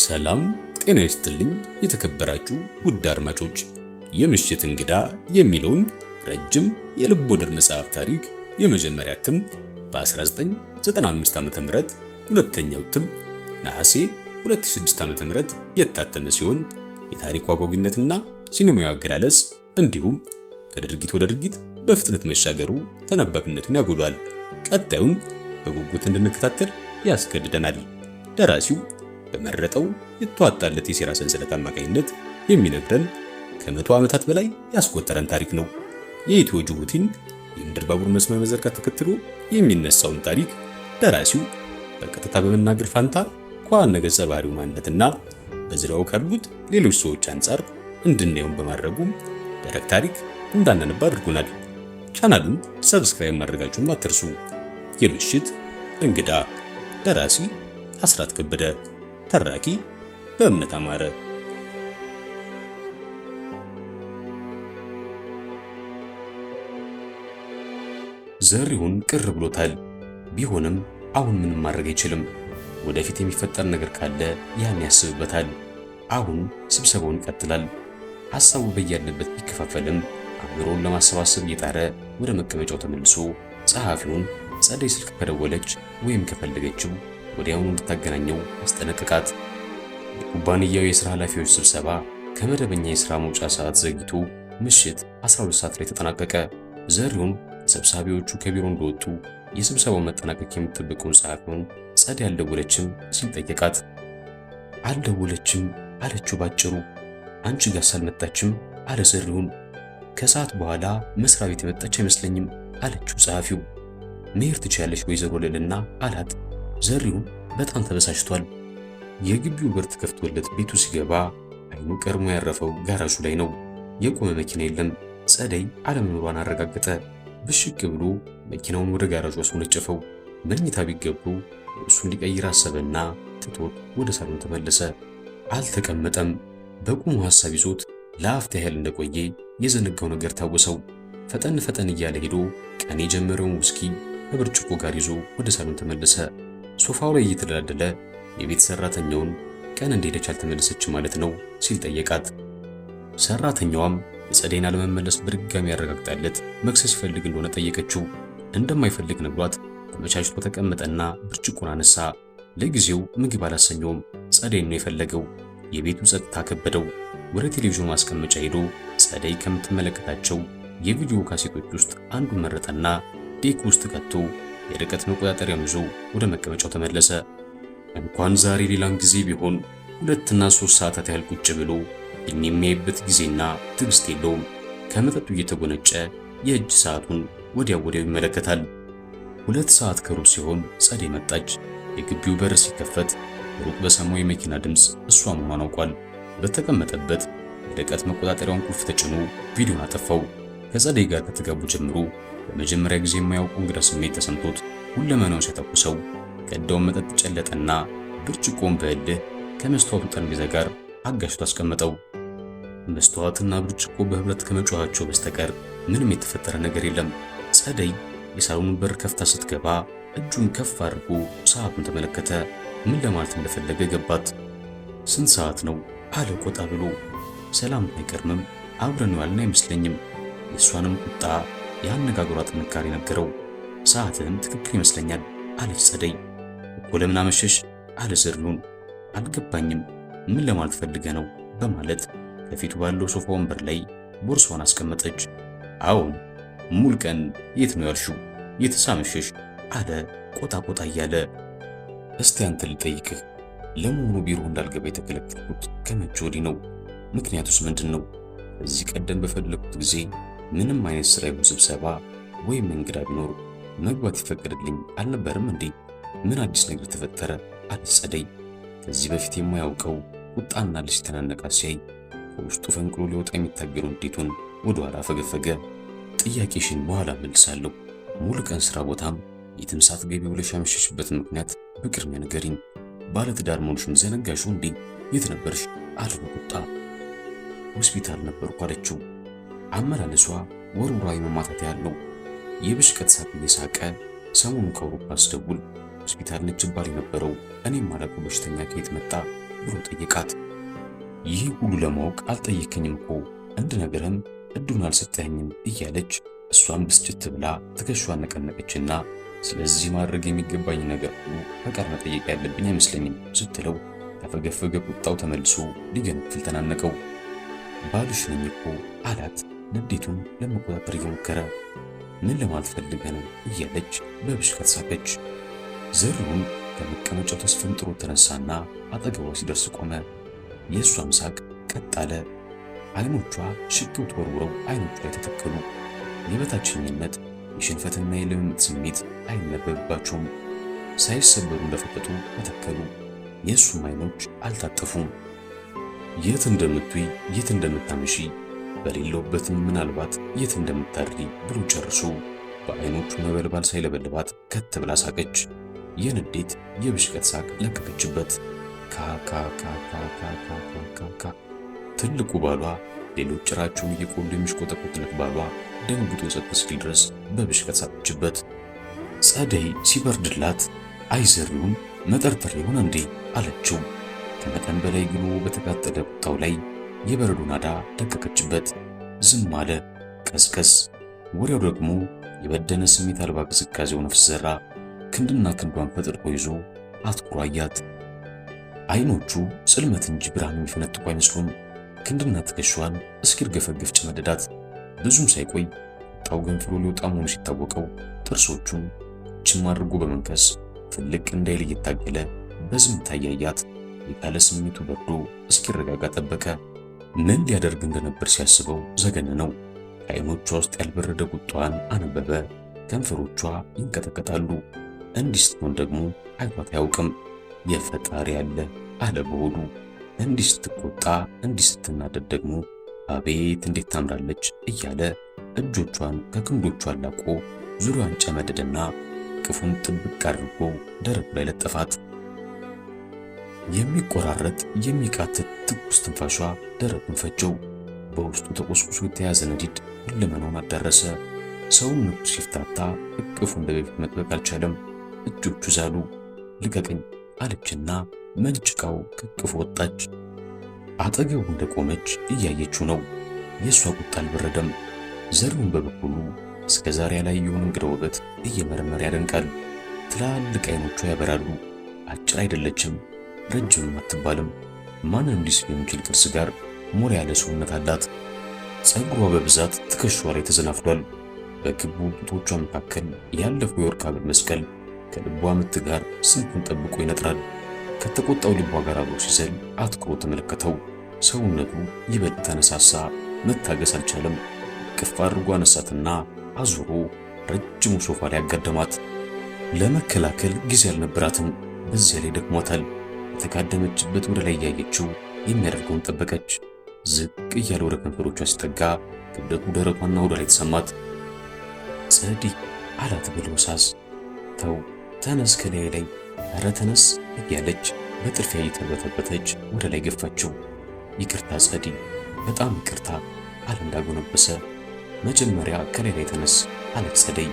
ሰላም ጤና ይስጥልኝ የተከበራችሁ ውድ አድማጮች፣ የምሽት እንግዳ የሚለውን ረጅም የልብ ወለድ መጽሐፍ ታሪክ የመጀመሪያ እትም በ1995 ዓ.ም ሁለተኛው እትም ነሐሴ ዓ ዓ.ም የታተመ ሲሆን የታሪኩ አጓጊነትና ሲኒማዊ አገላለጽ እንዲሁም ከድርጊት ወደ ድርጊት በፍጥነት መሻገሩ ተነባቢነቱን ያጎሏል። ቀጣዩን በጉጉት እንድንከታተል ያስገድደናል። ደራሲው በመረጠው የተዋጣለት የሴራ ሰንሰለት አማካኝነት የሚነግረን ከመቶ ዓመታት በላይ ያስቆጠረን ታሪክ ነው። የኢትዮ ጅቡቲን የምድር ባቡር መስመር መዘርጋት ተከትሎ የሚነሳውን ታሪክ ደራሲው በቀጥታ በመናገር ፋንታ ከዋና ገጸ ባህሪው ማንነትና በዙሪያው ካሉት ሌሎች ሰዎች አንጻር እንድናየውን በማድረጉ ደረቅ ታሪክ እንዳናነባ አድርጎናል። ቻናሉን ሰብስክራይብ ማድረጋችሁን አትርሱ። የምሽት እንግዳ ደራሲ አስራት ከበደ ተራኪ በእምነት አማረ ዘሪሁን ቅር ብሎታል። ቢሆንም አሁን ምንም ማድረግ አይችልም። ወደፊት የሚፈጠር ነገር ካለ ያን ያስብበታል። አሁን ስብሰባውን ይቀጥላል። ሐሳቡ በያለበት ቢከፋፈልም አእምሮውን ለማሰባሰብ እየጣረ ወደ መቀመጫው ተመልሶ ጸሐፊውን ጸደይ ስልክ ከደወለች ወይም ከፈለገችው ወዲያውኑ እንድታገናኘው አስጠነቀቃት የኩባንያው የሥራ ኃላፊዎች ስብሰባ ከመደበኛ የሥራ መውጫ ሰዓት ዘግይቶ ምሽት 12 ሰዓት ላይ ተጠናቀቀ። ዘሪሁን ተሰብሳቢዎቹ ከቢሮ እንደወጡ የስብሰባው መጠናቀቅ የምትጠብቀውን ጸሐፊውን ጸድ ያልደወለችም ሲል ጠየቃት። አልደወለችም አለችው ባጭሩ። አንቺ ጋር ሳልመጣችም አለ ዘሪሁን። ከሰዓት በኋላ መስሪያ ቤት የመጣች አይመስለኝም አለችው ጸሐፊው። መሄድ ትችያለሽ ወይዘሮ ልልና አላት። ዘሪውን በጣም ተበሳጭቷል። የግቢው በር ተከፍቶለት ቤቱ ሲገባ አይኑ ቀድሞ ያረፈው ጋራዡ ላይ ነው። የቆመ መኪና የለም። ጸደይ አለመኖሯን አረጋገጠ። ብሽቅ ብሎ መኪናውን ወደ ጋራዡ አስወነጨፈው። መኝታ ቢገቡ እሱን ሊቀይር አሰበና ትቶት ወደ ሳሎን ተመለሰ። አልተቀመጠም። በቁሙ ሐሳብ ይዞት ለአፍታ ያህል እንደቆየ የዘነጋው ነገር ታወሰው። ፈጠን ፈጠን እያለ ሄዶ ቀን የጀመረውን ውስኪ በብርጭቆ ጋር ይዞ ወደ ሳሎን ተመለሰ። ሶፋው ላይ እየተደላደለ የቤት ሰራተኛውን ቀን እንደሄደች አልተመለሰች ማለት ነው ሲል ጠየቃት። ሰራተኛዋም የፀደይን አለመመለስ በድጋሚ ያረጋግጣለት መክሰስ ይፈልግ እንደሆነ ጠየቀችው። እንደማይፈልግ ነግሯት ተመቻችቶ ተቀመጠና ብርጭቆን አነሳ። ለጊዜው ምግብ አላሰኘውም። ፀደይን ነው የፈለገው። የቤቱ ጸጥታ ከበደው። ወደ ቴሌቪዥን ማስቀመጫ ሄዶ ፀደይ ከምትመለከታቸው የቪዲዮ ካሴቶች ውስጥ አንዱን መረጠና ዴክ ውስጥ ከቶ የርቀት መቆጣጠሪያም ይዞ ወደ መቀመጫው ተመለሰ። እንኳን ዛሬ ሌላን ጊዜ ቢሆን ሁለትና ሶስት ሰዓታት ያህል ቁጭ ብሎ የሚያይበት ጊዜና ትዕግስት የለውም። ከመጠጡ እየተጎነጨ የእጅ ሰዓቱን ወዲያው ወዲያው ይመለከታል። ሁለት ሰዓት ከሩብ ሲሆን ጸደይ መጣች። የግቢው በር ሲከፈት ሩቅ በሰማው የመኪና ድምፅ እሷ መሆኗን አውቋል። በተቀመጠበት የርቀት መቆጣጠሪያውን ቁልፍ ተጭኖ ቪዲዮን አጠፋው። ከጸደይ ጋር ከተጋቡ ጀምሮ በመጀመሪያ ጊዜ የማያውቁ እንግዳ ስሜት ተሰምቶት ሁለመናው ሲያተኩሰው ቀዳውን መጠጥ ጨለጠና ብርጭቆን በእልህ ከመስተዋቱ ጠረጴዛ ጋር አጋጭቶ አስቀመጠው። መስተዋትና ብርጭቆ በህብረት ከመጮኋቸው በስተቀር ምንም የተፈጠረ ነገር የለም። ጸደይ የሳሎኑን በር ከፍታ ስትገባ እጁን ከፍ አድርጎ ሰዓቱን ተመለከተ። ምን ለማለት እንደፈለገ ገባት። ስንት ሰዓት ነው አለ ቆጣ ብሎ። ሰላም አይቀርምም አብረን ዋልን አይመስለኝም። የእሷንም ቁጣ የአነጋገሯ ጥንካሬ ነገረው። ሰዓትም ትክክል ይመስለኛል አለች ጸደይ። እኮ ለምን አመሸሽ አለ አልገባኝም ምን ለማለት ፈልገ ነው በማለት ከፊቱ ባለው ሶፋ ወንበር ላይ ቦርሷን አስቀመጠች። አዎን ሙሉ ቀን የት ነው ያልሽው? የትስ አመሸሽ አለ ቆጣ ቆጣ እያለ። እስቲ አንተ ልጠይቅህ፣ ለመሆኑ ቢሮ እንዳልገባ የተከለከልኩት ከመቼ ወዲህ ነው? ምክንያቱስ ምንድን ነው? ከዚህ ቀደም በፈለግኩት ጊዜ ምንም አይነት ስራ ይሁን ስብሰባ ወይም እንግዳ ቢኖር መግባት ይፈቀድልኝ አልነበርም እንዴ? ምን አዲስ ነገር ተፈጠረ? አልጸደይ ፀደይ። ከዚህ በፊት የማያውቀው ቁጣና ልጅ ተናነቃ ሲያይ ከውስጡ ፈንቅሎ ሊወጣ የሚታገሉ እንዴቱን ወደ ኋላ ፈገፈገ። ጥያቄሽን በኋላ መልሳለሁ። ሙሉ ቀን ስራ ቦታም የትም ገቢ ብለሽ ያመሸሽበትን ምክንያት በቅድሚያ ንገሪኝ። ባለትዳር መሆንሽን ዘነጋሹ እንዴ? የት ነበርሽ? አለ ቁጣ። ሆስፒታል ነበርኩ አለችው። አመላለሷ ወርውራዊ መማታት ያለው የብሽቀት ሳቅ እየሳቀ ሰሞኑ ከአውሮፓ ስደውል ሆስፒታል ነች ባል የነበረው እኔም ማለቁ በሽተኛ ከየት መጣ ብሎ ጠየቃት። ይህ ሁሉ ለማወቅ አልጠየከኝም እኮ እንድነግርህም እዱን አልሰጠኸኝም እያለች እሷን ብስጭት ብላ ትከሿ ነቀነቀችና ስለዚህ ማድረግ የሚገባኝ ነገር ሁሉ በቃል መጠየቅ ያለብኝ አይመስለኝም ስትለው ተፈገፈገ። ቁጣው ተመልሶ ሊገነፍል ተናነቀው። ባልሽ ነኝ እኮ አላት። ንዴቱን ለመቆጣጠር እየሞከረ ምን ለማለት ነው እያለች በብሽከት ሳቀች። ዘሪሁን ከመቀመጫው ተስፈንጥሮ ተነሳና አጠገቧ ሲደርስ ቆመ። የእሷም ሳቅ ቀጥ አለ። አይኖቿ ሽቅብ ተወርውረው ዓይኖቹ ላይ ተተከሉ። የበታችኝነት የሽንፈትና የልምምጥ ስሜት አይነበብባቸውም። ሳይሰበሩ እንደፈጠጡ ተተከሉ። የእሱም አይኖች አልታጠፉም። የት እንደምትይ የት እንደምታመሺ በሌለውበትም ምናልባት የት እንደምታድሪ ብሎ ጨርሶ በአይኖቹ ነበልባል ሳይለበልባት ከት ብላ ሳቀች። የንዴት የብሽቀት ሳቅ ለቀቀችበት። ካካካካካካካ ትልቁ ባሏ ሌሎች ጭራቸውን እየቆሉ የሚሽቆጠቆጥለት ባሏ ደንግጦ ጸጥ እስኪል ድረስ በብሽቀት ሳቀችበት። ጸደይ ሲበርድላት አይዘሪውን መጠርጠር ይሆን እንዴ አለችው። ከመጠን በላይ ግሎ በተቃጠለ ቁጣው ላይ የበረዶ ናዳ ደቀቀችበት። ዝም አለ፣ ቀዝቀዝ። ወዲያው ደግሞ የበደነ ስሜት አልባ ቅዝቃዜው ነፍስ ዘራ። ክንድና ክንዷን ፈጥርቆ ይዞ አትኩሮ አያት። አይኖቹ ጽልመት እንጂ ብርሃን የሚፈነጥቁ አይመስሉም። ክንድና ትከሻዋን እስኪርገፈገፍ ጨመደዳት። ብዙም ሳይቆይ ጣው ገንፍሎ ሊወጣ መሆኑ ሲታወቀው ጥርሶቹን ችም አድርጎ በመንከስ ፍልቅ እንዳይል እየታገለ በዝምታ እያያት የካለ ስሜቱ በርዶ እስኪረጋጋ ጠበቀ። ምን ሊያደርግ እንደነበር ሲያስበው ዘገነ ነው! ከዓይኖቿ ውስጥ ያልበረደ ቁጣዋን አነበበ። ከንፈሮቿ ይንቀጠቀጣሉ። እንዲህ ስትሆን ደግሞ አይቷት አያውቅም። የፈጣሪ ያለ አለ በሆዱ። እንዲህ ስትቆጣ፣ እንዲህ ስትናደድ ደግሞ አቤት እንዴት ታምራለች እያለ እጆቿን ከክንዶቿ አላቆ ዙሪያዋን ጨመደደና ቅፉን ጥብቅ አድርጎ ደረቱ ላይ ለጠፋት። የሚቆራረጥ የሚቃትት ትኩስ ትንፋሿ ደረቱን ፈጀው። በውስጡ ተቆስቁሶ የተያዘ ነዲድ ሁለመናውን አዳረሰ። ሰውነቱ ሲፍታታ እቅፉ እንደ በፊት መጥበቅ አልቻለም። እጆቹ ዛሉ። ልቀቀኝ አለችና መንጭቃው ከእቅፉ ወጣች። አጠገቡ እንደቆመች እያየችው ነው። የእሷ ቁጣ አልበረደም። ዘሪሁን በበኩሉ እስከ ዛሬ ያላየውን እንግዳ ውበት እየመረመረ ያደንቃል። ትላልቅ አይኖቿ ያበራሉ። አጭር አይደለችም፣ ረጅምም አትባልም። ማንም ሊስብ የሚችል ቅርስ ጋር ሞራ ያለ ሰውነት አላት። ፀጉሯ በብዛት ትከሻዋ ላይ ተዘናፍቷል። በክቡ ጡቶቿ መካከል ያለፈው የወርቅ ሐብል መስቀል ከልቧ ምት ጋር ስልቱን ጠብቆ ይነጥራል። ከተቆጣው ልቧ ጋር አብሮ ሲዘል አትኩሮ ተመለከተው። ሰውነቱ ይበልጥ ተነሳሳ። መታገስ አልቻለም። ቅፍ አድርጎ አነሳትና አዙሮ ረጅሙ ሶፋ ላይ አጋደማት። ለመከላከል ጊዜ አልነበራትም። በዚያ ላይ ደክሟታል። የተጋደመችበት ወደ ላይ እያየችው የሚያደርገውን ጠበቀች። ዝቅ እያለ ወደ ከንፈሮቿ ሲጠጋ ክብደቱ ደረቷና ወደ ላይ ተሰማት። ጸዲ አላት በለሆሳስ ተው ተነስ፣ ከላይ ላይ ኧረ ተነስ እያለች በጥርፊያ እየተበተበተች ወደ ላይ ገፋችው። ይቅርታ ጸዲ፣ በጣም ይቅርታ አለ እንዳጎነበሰ። መጀመሪያ ከላይ ላይ ተነስ አለች ጸደይ።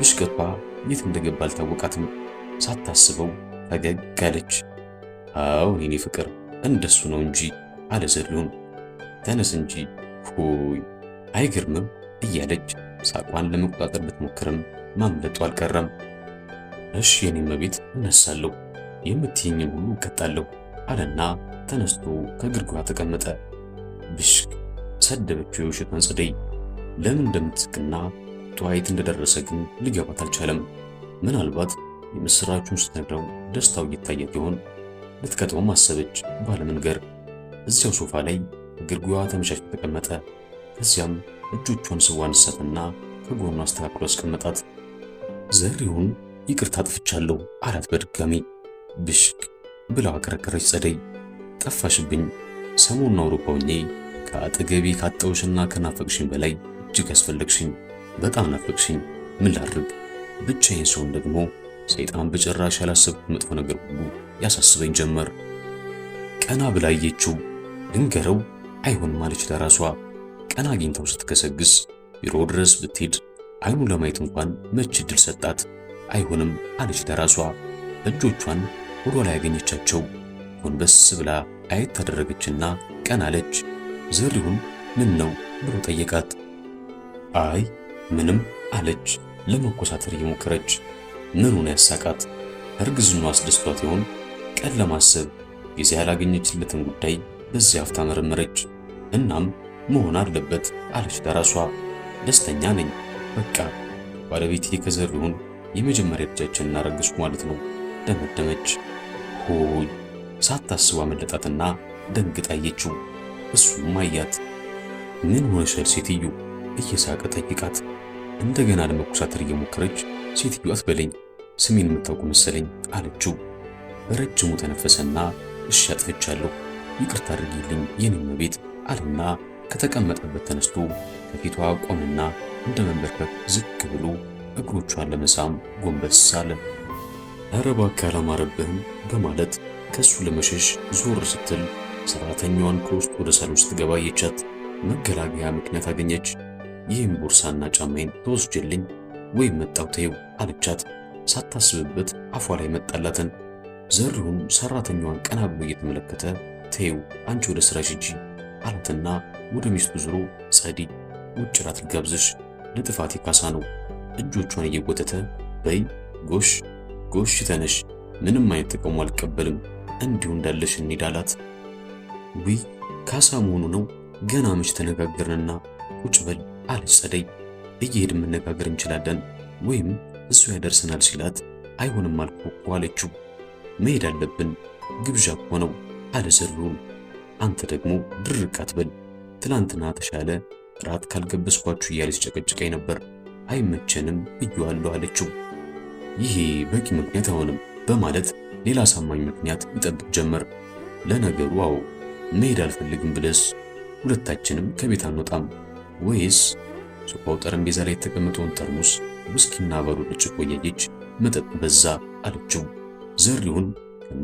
ብሽገባ የት እንደገባ አልታወቃትም። ሳታስበው ፈገግ አለች። አዎ የኔ ፍቅር እንደሱ ነው እንጂ አለ ዘሪሁን ተነስ እንጂ ሁይ አይገርምም እያለች ሳቋን ለመቆጣጠር ብትሞክርም ማምለጡ አልቀረም። እሺ የኔ መቤት እነሳለሁ፣ የምትይኝን ሁሉ እቀጣለሁ አለና ተነስቶ ከግርጓ ተቀመጠ። ብሽቅ ሰደበችው የውሸቷን ጽደይ ለምን እንደምትስቅና ጠዋይት እንደደረሰ ግን ሊገባት አልቻለም። ምናልባት የምስራቹን ስትነግረው ደስታው እየታየት ይሆን? ልትከተውም አሰበች ባለመንገር እዚያው ሶፋ ላይ ግርጓ ተመቻችቶ ተቀመጠ። ከዚያም እጆቿን ስዋን አነሳትና ከጎኑ አስተካክሎ አስቀመጣት። ዘሪሁን ይቅርታ አጥፍቻለሁ አላት በድጋሚ። ብሽቅ ብላው አቀረቀረች ጸደይ። ጠፋሽብኝ። ሰሞኑን አውሮፓ ሆኜ ከአጠገቤ ካጣሁሽና ከናፈቅሽኝ በላይ እጅግ ያስፈለግሽኝ። በጣም ናፈቅሽኝ። ምን ላድርግ? ብቻዬን ሰውን ደግሞ ሰይጣን በጭራሽ ያላሰብኩት መጥፎ ነገር ሁሉ ያሳስበኝ ጀመር። ቀና ብላ አየችው። ድንገረው አይሆንም አለች ለራሷ። ቀን አግኝተው ስትገሰግስ ቢሮ ድረስ ብትሄድ አይኑ ለማየት እንኳን መች እድል ሰጣት። አይሆንም አለች ለራሷ። እጆቿን ወደ ላይ ያገኘቻቸው ጎንበስ ብላ አየት ታደረገችና ቀን አለች። ዘሪሁን ምን ነው ብሎ ጠየቃት። አይ ምንም አለች ለመኮሳተር እየሞከረች ምኑን ያሳቃት? እርግዝኗ አስደስቷት ይሆን? ቀን ለማሰብ ጊዜ ያላገኘችለትን ጉዳይ በዚህ አፍታ እናም መሆን አለበት አለች ለራሷ። ደስተኛ ነኝ፣ በቃ ባለቤቴ ከዘሪሁን የመጀመሪያ ልጃችን እናረግዝኩ ማለት ነው ደመደመች። ሆይ ሳታስባ መለጣትና ደንግጣ አየችው። እሱም አያት። ምን ሆነሻል ሴትዮ እየሳቀ ጠይቃት። እንደገና ለመኮሳተር እየሞከረች ሴትዮ አትበለኝ፣ ስሜን የምታውቁ መሰለኝ አለችው። በረጅሙ ተነፈሰና እሺ አጥፍቻለሁ ይቅርታ አድርጊልኝ የኔም ቤት አለና ከተቀመጠበት ተነስቶ ከፊቷ ቆመና እንደ መንበርከክ ዝቅ ብሎ እግሮቿን ለመሳም ጎንበስ አለ። ኧረ እባክህ አላማረብህም በማለት ከእሱ ለመሸሽ ዞር ስትል ሰራተኛዋን ከውስጥ ወደ ሳሎን ስትገባ አየቻት። መገላገያ ምክንያት አገኘች። ይህም ቦርሳና ጫማዬን ተወስጀልኝ ወይም መጣው ተይው አለቻት። ሳታስብበት አፏ ላይ መጣላትን። ዘሪሁን ሰራተኛዋን ቀና ብሎ እየተመለከተ ተይው አንቺ ወደ ስራሽ ሂጂ አላትና ወደ ሚስቱ ዙሮ ጸዲ ውጭ ራት ልጋብዝሽ፣ ለጥፋቴ ካሳ ነው። እጆቿን እየጎተተ በይ ጎሽ ጎሽ ተነሽ፣ ምንም አይነት ጥቅሙ አልቀበልም፣ እንዲሁ እንዳለሽ እንሂድ አላት። ውይ ካሳ መሆኑ ነው ገና መች ተነጋገርንና፣ ቁጭ በል አለች ጸደይ። እየሄድን መነጋገር እንችላለን ወይም እሱ ያደርሰናል ሲላት፣ አይሆንም አልኩ አለችው። መሄድ አለብን ግብዣ እኮ ነው አልዘሉም። አንተ ደግሞ ድርቅ አትበል። ትላንትና ተሻለ ራት ካልጋበዝኳችሁ እያለ ሲጨቀጭቀኝ ነበር። አይመቸንም ብየዋለሁ አለችው። ይሄ በቂ ምክንያት አይሆንም በማለት ሌላ አሳማኝ ምክንያት ይጠብቅ ጀመር። ለነገሩ አዎ መሄድ አልፈልግም ብለስ ሁለታችንም ከቤት አንወጣም ወይስ? ሶፋው ጠረጴዛ ላይ የተቀመጠውን ጠርሙስ ውስኪና ባዶ ብርጭቆ እያየች መጠጥ በዛ አለችው። ዘሪሁን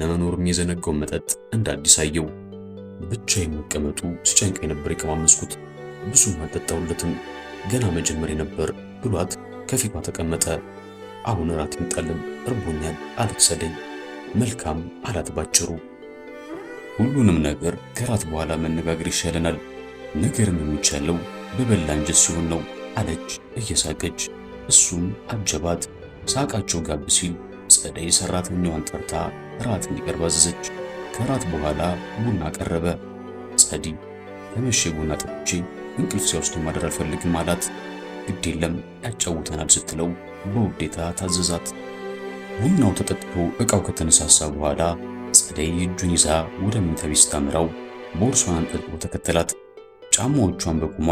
ለመኖርም የዘነጋውን መጠጥ እንደ አዲስ አየው። ብቻዬን መቀመጡ ሲጨንቀኝ ነበር የቀማመስኩት። ብዙም አልጠጣሁለትም። ገና መጀመሪያ ነበር ብሏት ከፊቷ ተቀመጠ። አሁን እራት ይምጣልን፣ እርቦኛል አለት መልካም አላት ባጭሩ። ሁሉንም ነገር ከራት በኋላ መነጋገር ይሻለናል፣ ነገርም የሚቻለው በበላ እንጀት ሲሆን ነው አለች እየሳቀች። እሱም አጀባት። ሳቃቸው ጋብ ሲል ጸደይ ሰራተኛዋን ጠርታ እራት እንዲቀርብ አዘዘች። ከእራት በኋላ ቡና ቀረበ። ጸዲ ከመቼ ቡና ጠጥቼ እንቅልፍ ሲያወስደኝ ማደር አልፈልግም አላት። ግድ የለም ያጫውተናል ስትለው በውዴታ ታዘዛት። ቡናው ተጠጥቶ እቃው ከተነሳሳ በኋላ ጸደይ እጁን ይዛ ወደ መኝታ ቤት ስታመራው ቦርሷን አንጠልጥሎ ተከተላት። ጫማዎቿን በቁማ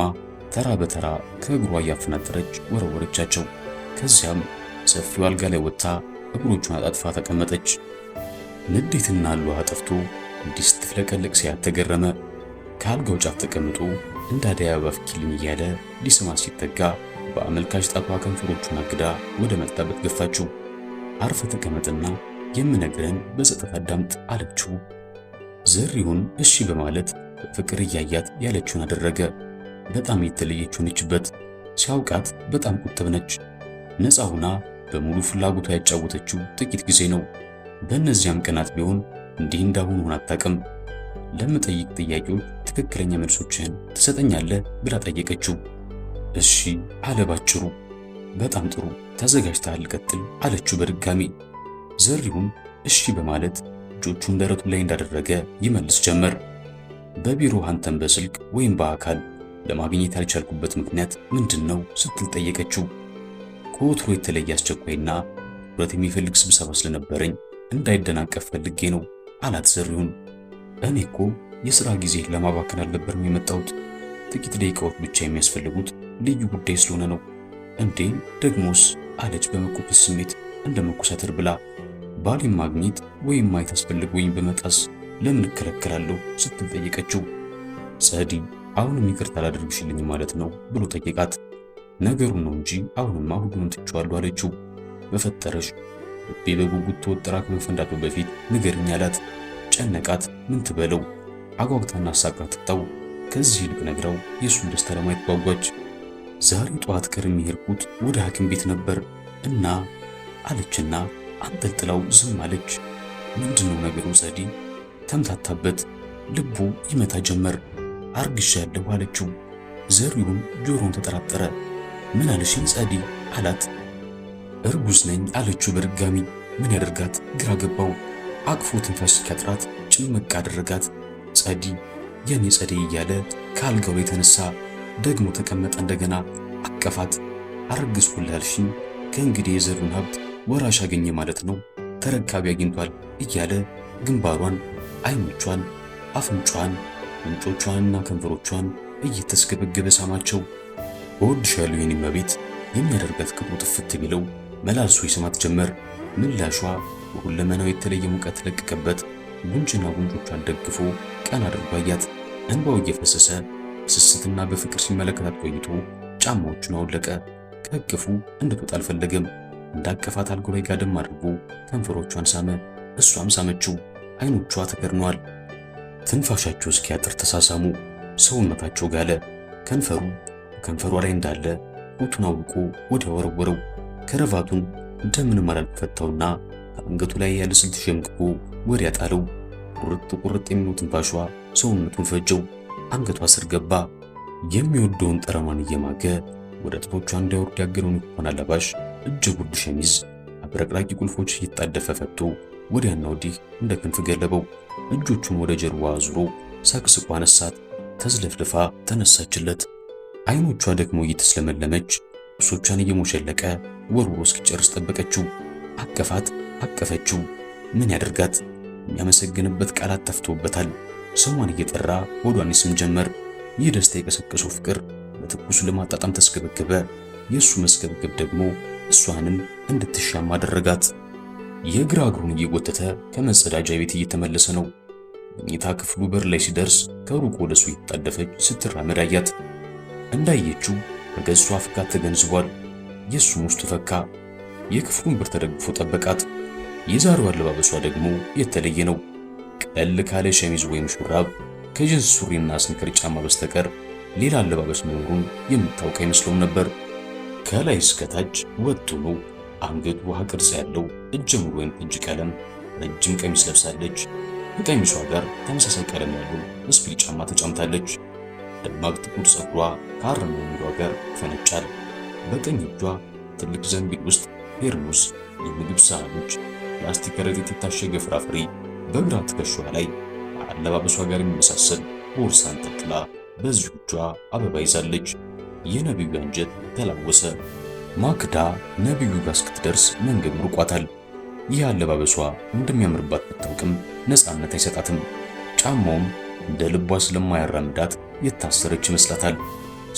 ተራ በተራ ከእግሯ እያፈናጠረች ወረወረቻቸው። ከዚያም ሰፊው አልጋ ላይ ወጥታ እግሮቿን አጣጥፋ ተቀመጠች። ንዴትና አሉ አጠፍቶ ዲስት ፍለቀለቅ ሲያት ተገረመ። ከአልጋው ጫፍ ተቀምጦ እንደ አደይ አበባ ፍኪልኝ እያለ ሊስማ ሲጠጋ በአመልካች ጣቷ ከንፈሮቹን አግዳ ወደ መጣበት ገፋችው። አርፈ ተቀመጥና የምነግረን በጸጥታ አዳምጥ አለችው። ዘሪሁን እሺ በማለት በፍቅር እያያት ያለችውን አደረገ። በጣም የተለየች ሆነችበት። ሲያውቃት በጣም ቁጥብ ነች። ነፃ ሁና በሙሉ ፍላጎቷ ያጫወተችው ጥቂት ጊዜ ነው። በእነዚያም ቀናት ቢሆን እንዲህ እንዳሁን ሆን አታውቅም። ለምጠይቅ ጥያቄዎች ትክክለኛ መልሶችህን ትሰጠኛለህ ብላ ጠየቀችው። እሺ አለ ባጭሩ። በጣም ጥሩ ተዘጋጅተሃል፣ ቀጥል አለችው በድጋሚ። ዘሪሁን እሺ በማለት እጆቹን ደረቱ ላይ እንዳደረገ ይመልስ ጀመር። በቢሮ አንተን በስልክ ወይም በአካል ለማግኘት ያልቻልኩበት ምክንያት ምንድን ነው ስትል ጠየቀችው። ከወትሮ የተለየ አስቸኳይና ትኩረት የሚፈልግ ስብሰባ ስለነበረኝ እንዳይደናቀፍ ፈልጌ ነው አላት ዘሪሁን። እኔ እኮ የሥራ ጊዜ ለማባከን አልነበርም የመጣሁት ጥቂት ደቂቃዎች ብቻ የሚያስፈልጉት ልዩ ጉዳይ ስለሆነ ነው። እንዴ ደግሞስ አለች በመኮፈስ ስሜት እንደ መኮሳተር ብላ ባሌ ማግኘት ወይም ማየት አስፈልጎኝ በመጣስ ለምን እከለከላለሁ ስትል ጠየቀችው። ጸዲ አሁንም ይቅርታ አላደርግሽልኝ ማለት ነው ብሎ ጠየቃት። ነገሩን ነው እንጂ አሁንማ ሁሉንም ትቼዋለሁ አለችው። በፈጠረሽ ልቤ በጉጉት ተወጥራ ከመፈንዳቱ በፊት ንገርኝ አላት። ጨነቃት። ምን ትበለው? አጓግታና አሳቃ ትታው ከዚህ ይልቅ ነግረው የእሱን ደስታ ለማየት ጓጓች። ዛሬ ጠዋት ከርሜ ሄድኩት ወደ ሐኪም ቤት ነበር እና አለችና አንጠልጥላው ዝም አለች። ምንድነው ነገሩ? ጸዲ ተምታታበት። ልቡ ይመታ ጀመር። አርግዣለሁ አለችው። ዘሪሁን ጆሮውን ተጠራጠረ። ምን አለሽኝ ጸዲ አላት። እርጉዝ ነኝ አለችው በድጋሚ። ምን ያደርጋት ግራ ገባው። አቅፎ ትንፋሽ ሲያጥራት ጭምቅ አደረጋት። ጸዲ የኔ ጸዲ እያለ ከአልጋው የተነሳ ደግሞ ተቀመጠ እንደገና። አቀፋት። አረግዝኩልሃልሽኝ ከእንግዲህ የዘሩን ሀብት ወራሽ አገኘ ማለት ነው፣ ተረካቢ አግኝቷል እያለ ግንባሯን፣ አይኖቿን፣ አፍንጯን፣ ምንጮቿንና ከንፈሮቿን እየተስገበገበ ሳማቸው። እወድሻለሁ የኔ እመቤት የሚያደርጋት ክብሩ ጥፍት ቢለው መላልሶ ይስማት ጀመር። ምላሿ በሁለመናው የተለየ ሙቀት ለቀቀበት። ጉንጭና ጉንጮቿን ደግፎ ቀን አድርጎ አያት። እንባው እየፈሰሰ በስስትና በፍቅር ሲመለከታት ቆይቶ ጫማዎቹን አወለቀ። ከእቅፉ እንድትወጣ አልፈለገም። እንዳቀፋት አልጋ ላይ ጋደም አድርጎ ከንፈሮቿን ሳመ። እሷም ሳመችው። አይኖቿ ተከድነዋል። ትንፋሻቸው እስኪያጥር ተሳሳሙ። ሰውነታቸው ጋለ። ከንፈሩ ከንፈሯ ላይ እንዳለ ጡቱን አውልቆ ወዲያ ወረወረው። ከረቫቱን እንደምንም አላል ፈታውና ከአንገቱ ላይ ያለ ስልት ሸምቅቆ ወዲያ ጣለው። ቁርጥ ቁርጥ የሚሉት ትንፋሿ ሰውነቱን ፈጀው። አንገቷ ስር ገባ። የሚወደውን ጠረኗን እየማገ ወደ ጥቶቿ እንዳይወርድ ያገነውን ኮን አለባሽ እጀ ጉድ ሸሚዝ አብረቅራቂ ቁልፎች እየጣደፈ ፈቶ ወዲያና ወዲህ እንደ ክንፍ ገለበው። እጆቹን ወደ ጀርባ አዙሮ ሳቅስቋ አነሳት። ተዝለፍልፋ ተነሳችለት። አይኖቿ ደግሞ እየተስለመለመች እሶቿን እየሞሸለቀ ወርውሮ እስኪጨርስ ጠበቀችው። አቀፋት፣ አቀፈችው። ምን ያደርጋት? የሚያመሰግንበት ቃላት ጠፍቶበታል። ስሟን እየጠራ ሆዷን ይስም ጀመር። ይህ ደስታ የቀሰቀሰው ፍቅር በትኩሱ ለማጣጣም ተስገበገበ። የእሱ መስገብገብ ደግሞ እሷንም እንድትሻም አደረጋት። የግራ እግሩን እየጎተተ ከመጸዳጃ ቤት እየተመለሰ ነው። መኝታ ክፍሉ በር ላይ ሲደርስ ከሩቅ ወደ እሱ እየተጣደፈች ስትራመድ አያት። እንዳየችው በገጹ አፍቃት ተገንዝቧል። የእሱም ውስጡ ፈካ። የክፍሉን ብር ተደግፎ ጠበቃት። የዛሬው አለባበሷ ደግሞ የተለየ ነው። ቀለል ካለ ሸሚዝ ወይም ሹራብ ከጅንስ ሱሪና ስኒከር ጫማ በስተቀር ሌላ አለባበስ መኖሩን የምታውቅ አይመስለውም ነበር። ከላይ እስከ ታች ወጥ ሆኖ አንገቱ ውሃ ቅርጽ ያለው እጀ ሙሉ ወይም እጅ ቀለም ረጅም ቀሚስ ለብሳለች። ከቀሚሷ ጋር ተመሳሳይ ቀለም ያለው ስፒል ጫማ ተጫምታለች። ደማቅ ጥቁር ፀጉሯ ከአረመኔዋ ጋር ይፈነጫል። በቀኝ እጇ ትልቅ ዘንቢል ውስጥ ቴርሙስ፣ የምግብ ሳህኖች፣ ፕላስቲክ ከረጢት የታሸገ ፍራፍሬ፣ በግራ ትከሻዋ ላይ ከአለባበሷ ጋር የሚመሳሰል ቦርሳን አንጠልጥላ በዚህ እጇ አበባ ይዛለች። የነቢዩ አንጀት ተላወሰ። ማክዳ ነቢዩ ጋር እስክትደርስ መንገድ ርቋታል። ይህ አለባበሷ እንደሚያምርባት ብታውቅም ነፃነት አይሰጣትም። ጫማውም እንደ ልቧ ስለማያራምዳት የታሰረች ይመስላታል።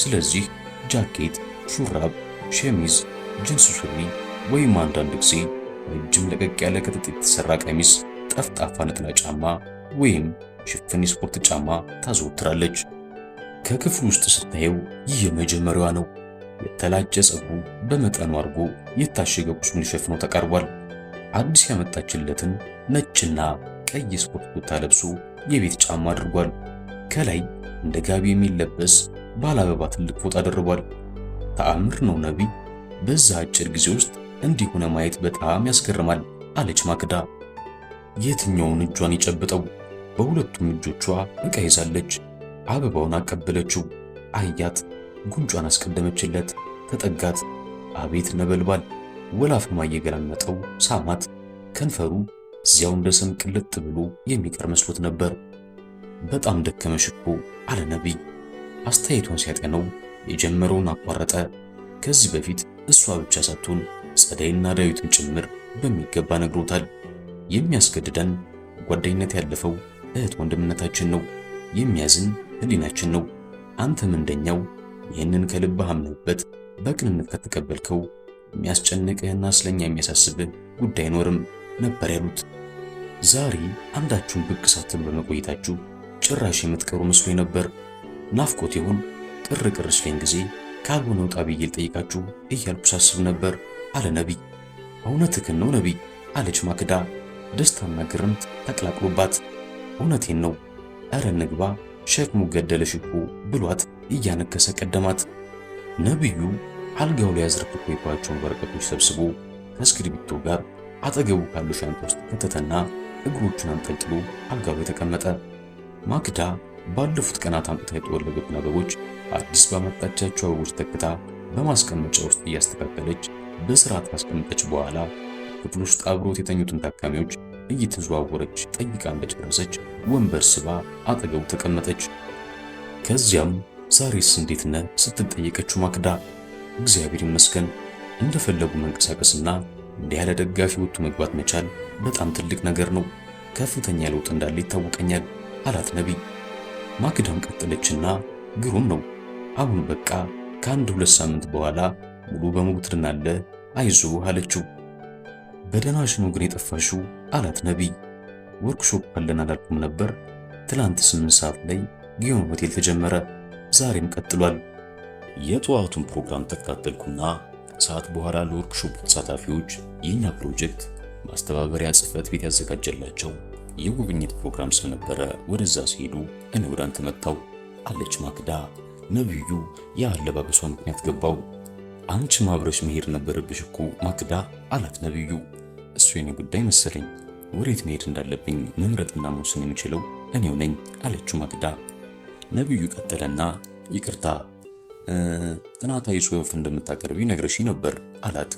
ስለዚህ ጃኬት፣ ሹራብ፣ ሸሚዝ፣ ጅንስ ሱሪ ወይም አንዳንድ ጊዜ ረጅም ለቀቅ ያለ ከጥጥ የተሰራ ቀሚስ፣ ጠፍጣፋ ነጠላ ጫማ ወይም ሽፍን የስፖርት ጫማ ታዘወትራለች። ከክፍሉ ውስጥ ስታየው ይህ የመጀመሪያዋ ነው። የተላጨ ጸጉሩ በመጠኑ አድርጎ የታሸገ ቁስሉን ሸፍኖ ተቀርቧል። አዲስ ያመጣችለትን ነጭና ቀይ ስፖርት ቦታ ለብሶ የቤት ጫማ አድርጓል። ከላይ እንደ ጋቢ የሚለበስ ባለ አበባ ትልቅ ፎጣ ደርቧል። ተአምር ነው ነቢይ፣ በዛ አጭር ጊዜ ውስጥ እንዲሆነ ማየት በጣም ያስገርማል አለች ማክዳ። የትኛውን እጇን ይጨብጠው? በሁለቱም እጆቿ ዕቃ ይዛለች። አበባውን አቀበለችው፣ አያት፣ ጉንጯን አስቀደመችለት፣ ተጠጋት። አቤት ነበልባል! ወላፈማ እየገላመጠው ሳማት። ከንፈሩ እዚያው እንደ ሰም ቅልጥ ብሎ የሚቀር መስሎት ነበር። በጣም ደከመሽ እኮ አለ ነቢይ። አስተያየቱን ሲያጠነው የጀመረውን አቋረጠ። ከዚህ በፊት እሷ ብቻ ሳትሆን ጸደይና ዳዊትን ጭምር በሚገባ ነግሮታል። የሚያስገድደን ጓደኝነት ያለፈው እህት ወንድምነታችን ነው። የሚያዝን ህሊናችን ነው። አንተም እንደኛው ይህንን ከልብህ አምነህበት በቅንነት ከተቀበልከው የሚያስጨንቅህና ስለኛ የሚያሳስብህ ጉዳይ አይኖርም ነበር ያሉት። ዛሬ አንዳችሁን ብቅ ሳትን በመቆየታችሁ ጭራሽ የምትቀሩ መስሎኝ ነበር። ናፍቆት ይሁን ጥር ቅር ጊዜ ካልሆነ ወጣ ብዬ ልጠይቃችሁ እያልኩ ሳስብ ነበር አለ ነቢይ። እውነትህን ነው ነቢይ አለች ማክዳ ደስታና ግርምት ተቀላቅሎባት። እውነቴን ነው እረ ንግባ ሸክሙ ገደለሽ እኮ ብሏት እያነከሰ ቀደማት። ነቢዩ አልጋው ላይ አዝረክርኮ የኳቸውን ወረቀቶች ሰብስቦ ከእስክሪብቶ ጋር አጠገቡ ካሉ ሻንጣ ውስጥ ከተተና እግሮቹን አንጠልጥሎ አልጋው ላይ ተቀመጠ። ማክዳ ባለፉት ቀናት አምጥታ የተወለዱትን አበቦች አዲስ ባመጣቻቸው አበቦች ተክታ በማስቀመጫ ውስጥ እያስተካከለች በስርዓት ካስቀመጠች በኋላ ክፍል ውስጥ አብሮት የተኙትን ታካሚዎች እየተዘዋወረች ጠይቃ እንደጨረሰች ወንበር ስባ አጠገቡ ተቀመጠች። ከዚያም ዛሬስ እንዴት ነ ስትጠየቀችው ማክዳ እግዚአብሔር ይመስገን እንደፈለጉ መንቀሳቀስና እንዲህ ያለ ደጋፊ ወጥቶ መግባት መቻል በጣም ትልቅ ነገር ነው። ከፍተኛ ለውጥ እንዳለ ይታወቀኛል። አላት ነቢይ። ማክዳም ቀጠለችና ግሩም ነው አሁን በቃ ከአንድ ሁለት ሳምንት በኋላ ሙሉ በሙሉ ትድናለህ፣ አይዞህ አለችው። በደናሽ ነው ግን የጠፋሽው አላት ነቢይ። ወርክሾፕ አለን አላልኩም ነበር? ትላንት ስምንት ሰዓት ላይ ጊዮን ሆቴል ተጀመረ፣ ዛሬም ቀጥሏል። የጠዋቱን ፕሮግራም ተከታተልኩና ከሰዓት በኋላ ለወርክሾፕ ተሳታፊዎች የኛ ፕሮጀክት ማስተባበሪያ ጽህፈት ቤት ያዘጋጀላቸው የጉብኝት ፕሮግራም ስለነበረ ወደዛ ሲሄዱ እኔ ወደ አንተ መጣው አለች ማክዳ። ነብዩ የአለባበሷ ምክንያት ገባው። አንቺ ማብረሽ መሄድ ነበረብሽ እኮ ማክዳ አላት ነብዩ እሱ የኔ ጉዳይ መሰለኝ፣ ወዴት መሄድ እንዳለብኝ መምረጥና መውሰን የምችለው እኔው ነኝ አለችው ማክዳ። ነብዩ ቀጠለና ይቅርታ ጥናታዊ ጽሑፍ እንደምታቀርቢ ነግረሽ ነበር አላት።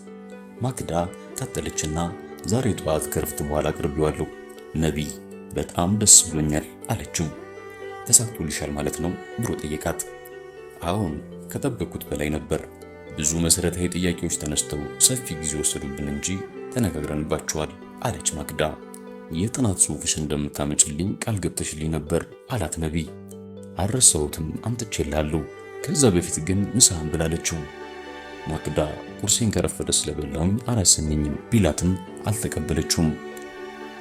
ማክዳ ቀጠለችና ዛሬ ጠዋት ከረፍት በኋላ አቅርቢዋለሁ ነቢይ በጣም ደስ ብሎኛል አለችው። ተሳክቶልሻል ማለት ነው ብሎ ጠየቃት። አሁን ከጠበቅኩት በላይ ነበር። ብዙ መሰረታዊ ጥያቄዎች ተነስተው ሰፊ ጊዜ ወሰዱብን እንጂ ተነጋግረንባቸዋል አለች ማክዳ። የጥናት ጽሑፍሽን እንደምታመጭልኝ ቃል ገብተሽልኝ ነበር አላት ነቢይ። አልረሳሁትም አምጥቼላለሁ። ከዛ በፊት ግን ምሳህን ብላለችው። ማክዳ ቁርሴን ከረፈደ ስለበላውኝ አላሰኘኝም ቢላትም አልተቀበለችውም።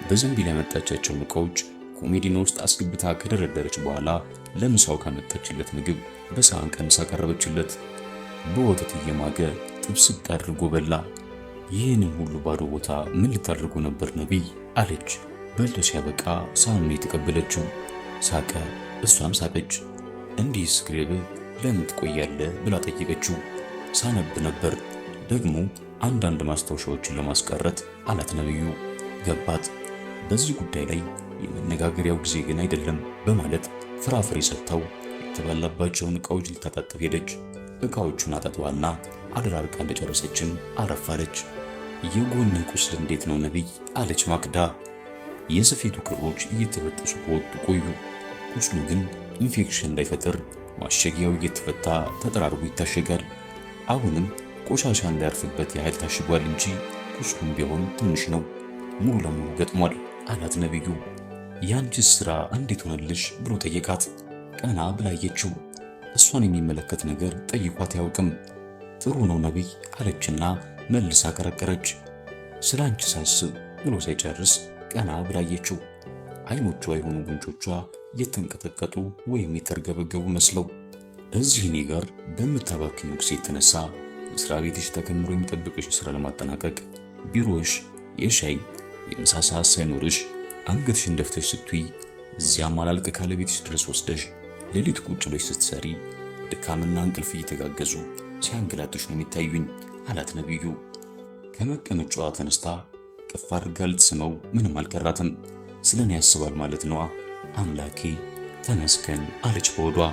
በዘንቢል ያመጣቻቸውን እቃዎች ኮሜዲኖ ውስጥ አስገብታ ከደረደረች በኋላ ለምሳው ካመጣችለት ምግብ በሳህን ቀምሳ ቀረበችለት። በወተት እየማገ ጥብስቅ አድርጎ በላ። ይህንን ሁሉ ባዶ ቦታ ምን ልታደርጉ ነበር ነቢይ? አለች። በልቶ ሲያበቃ ሳህኑን የተቀበለችው። ሳቀ፣ እሷም ሳቀች። እንዲህ ስግሬብህ ለምን ትቆያለህ ብላ ጠየቀችው። ሳነብ ነበር ደግሞ አንዳንድ ማስታወሻዎችን ለማስቀረት አላት ነብዩ ገባት። በዚህ ጉዳይ ላይ የመነጋገሪያው ጊዜ ግን አይደለም በማለት ፍራፍሬ ሰጥተው የተበላባቸውን እቃዎች ልታጣጥፍ ሄደች። እቃዎቹን አጣጥባና አደራርቃ እንደጨረሰችም አረፋለች። የጎን ቁስል እንዴት ነው ነቢይ? አለች ማክዳ። የስፌቱ ክሮች እየተበጠሱ ከወጡ ቆዩ። ቁስሉ ግን ኢንፌክሽን እንዳይፈጥር ማሸጊያው እየተፈታ ተጠራርጎ ይታሸጋል። አሁንም ቆሻሻ እንዳያርፍበት ያህል ታሽጓል እንጂ ቁስሉም ቢሆን ትንሽ ነው፣ ሙሉ ለሙሉ ገጥሟል። አላት ነቢዩ። ያንቺስ ሥራ እንዴት ሆነልሽ ብሎ ጠየቃት። ቀና ብላየችው እሷን የሚመለከት ነገር ጠይቋት አያውቅም። ጥሩ ነው ነቢይ አለችና መልሳ አቀረቀረች ስለ አንቺ ሳስብ ብሎ ሳይጨርስ ቀና ብላየችው አይኖቿ የሆኑ ጉንጮቿ የተንቀጠቀጡ ወይም የተርገበገቡ መስለው እዚህ እኔ ጋር በምታባክኝ ጊዜ የተነሳ መስሪያ ቤትሽ ተከምሮ የሚጠብቅሽ ስራ ለማጠናቀቅ ቢሮሽ የሻይ የምሳ ሰዓት ሳይኖርሽ አንገትሽን ደፍተሽ ስትይ እዚያም ማላልቅ ካለ ቤትሽ ድረስ ወስደሽ ሌሊት ቁጭ ብለሽ ስትሰሪ ድካምና እንቅልፍ እየተጋገዙ ሲያንገላትሽ ነው የሚታዩኝ አላት ነቢዩ። ከመቀመጫዋ ተነስታ ቅፍ አድርጋ ልትስመው ምንም አልቀራትም። ስለ እኔ ያስባል ማለት ነዋ አምላኬ ተመስገን አለች በወዷ።